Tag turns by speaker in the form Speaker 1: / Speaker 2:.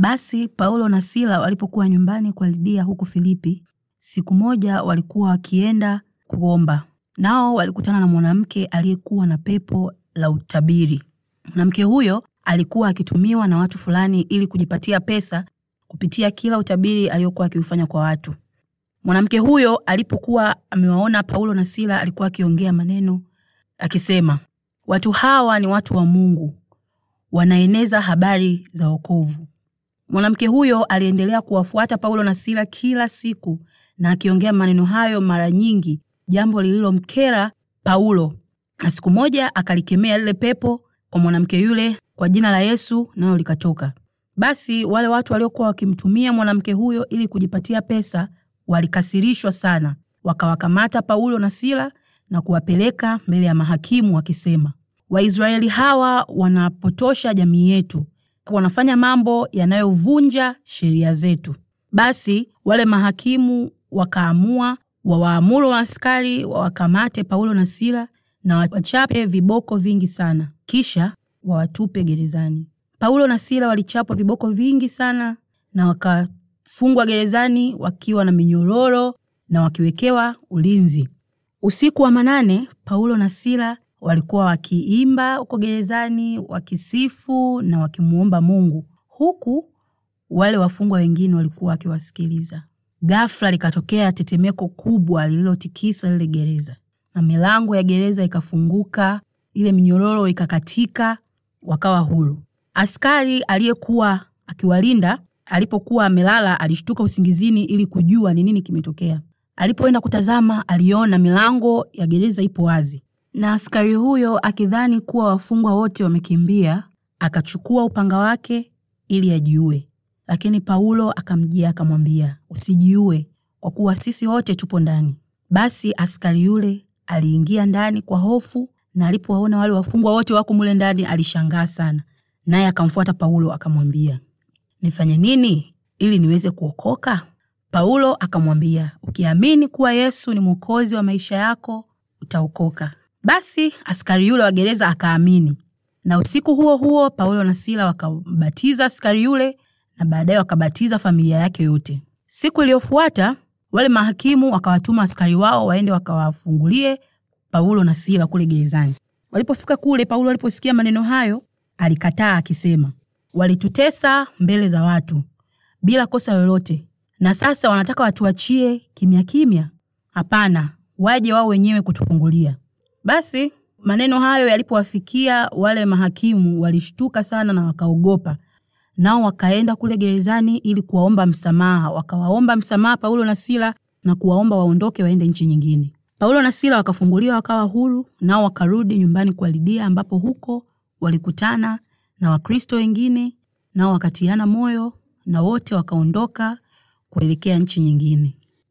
Speaker 1: Basi Paulo na Sila walipokuwa nyumbani kwa Lidia huko Filipi, siku moja walikuwa wakienda kuomba, nao walikutana na mwanamke aliyekuwa na pepo la utabiri. Mwanamke huyo alikuwa akitumiwa na watu fulani ili kujipatia pesa kupitia kila utabiri aliyokuwa akiufanya kwa watu. Mwanamke huyo alipokuwa amewaona Paulo na Sila, alikuwa akiongea maneno akisema, watu hawa ni watu wa Mungu, wanaeneza habari za wokovu. Mwanamke huyo aliendelea kuwafuata Paulo na Sila kila siku na akiongea maneno hayo mara nyingi, jambo lililomkera Paulo, na siku moja akalikemea lile pepo kwa mwanamke yule kwa jina la Yesu, nalo likatoka. Basi wale watu waliokuwa wakimtumia mwanamke huyo ili kujipatia pesa walikasirishwa sana, wakawakamata Paulo na Sila na kuwapeleka mbele ya mahakimu wakisema, Waisraeli hawa wanapotosha jamii yetu wanafanya mambo yanayovunja sheria zetu. Basi wale mahakimu wakaamua wawaamuru wa askari wawakamate Paulo na Sila na wachape viboko vingi sana, kisha wawatupe gerezani. Paulo na Sila walichapwa viboko vingi sana na wakafungwa gerezani wakiwa na minyororo na wakiwekewa ulinzi. Usiku wa manane, Paulo na Sila walikuwa wakiimba huko gerezani, wakisifu na wakimuomba Mungu, huku wale wafungwa wengine walikuwa wakiwasikiliza. gafla likatokea tetemeko kubwa lililotikisa lile gereza, na milango ya gereza ikafunguka, ile minyororo ikakatika, wakawa huru. Askari aliyekuwa akiwalinda alipokuwa amelala alishtuka usingizini ili kujua ni nini kimetokea. Alipoenda kutazama, aliona milango ya gereza ipo wazi, na askari huyo akidhani kuwa wafungwa wote wamekimbia, akachukua upanga wake ili ajiue, lakini Paulo akamjia akamwambia, usijiue kwa kuwa sisi wote tupo ndani. Basi askari yule aliingia ndani kwa hofu, na alipowaona wale wafungwa wote wako mule ndani alishangaa sana, naye akamfuata Paulo akamwambia, nifanye nini ili niweze kuokoka? Paulo akamwambia, ukiamini kuwa Yesu ni mwokozi wa maisha yako utaokoka. Basi askari yule wa gereza akaamini, na usiku huo huo Paulo na Sila wakambatiza askari yule, na baadaye wakabatiza familia yake yote. Siku iliyofuata wale mahakimu wakawatuma askari wao waende wakawafungulie Paulo na Sila kule gerezani. Walipofika kule, Paulo aliposikia maneno hayo alikataa akisema, walitutesa mbele za watu bila kosa lolote, na sasa wanataka watuachie kimya kimya. Hapana, waje wao wenyewe kutufungulia. Basi maneno hayo yalipowafikia wale mahakimu, walishtuka sana na wakaogopa, nao wakaenda kule gerezani ili kuwaomba msamaha. Wakawaomba msamaha Paulo na Sila na kuwaomba waondoke waende nchi nyingine. Paulo na Sila wakafunguliwa wakawa huru, nao wakarudi nyumbani kwa Lidia, ambapo huko walikutana na Wakristo wengine, nao wakatiana moyo na wote wakaondoka kuelekea nchi nyingine.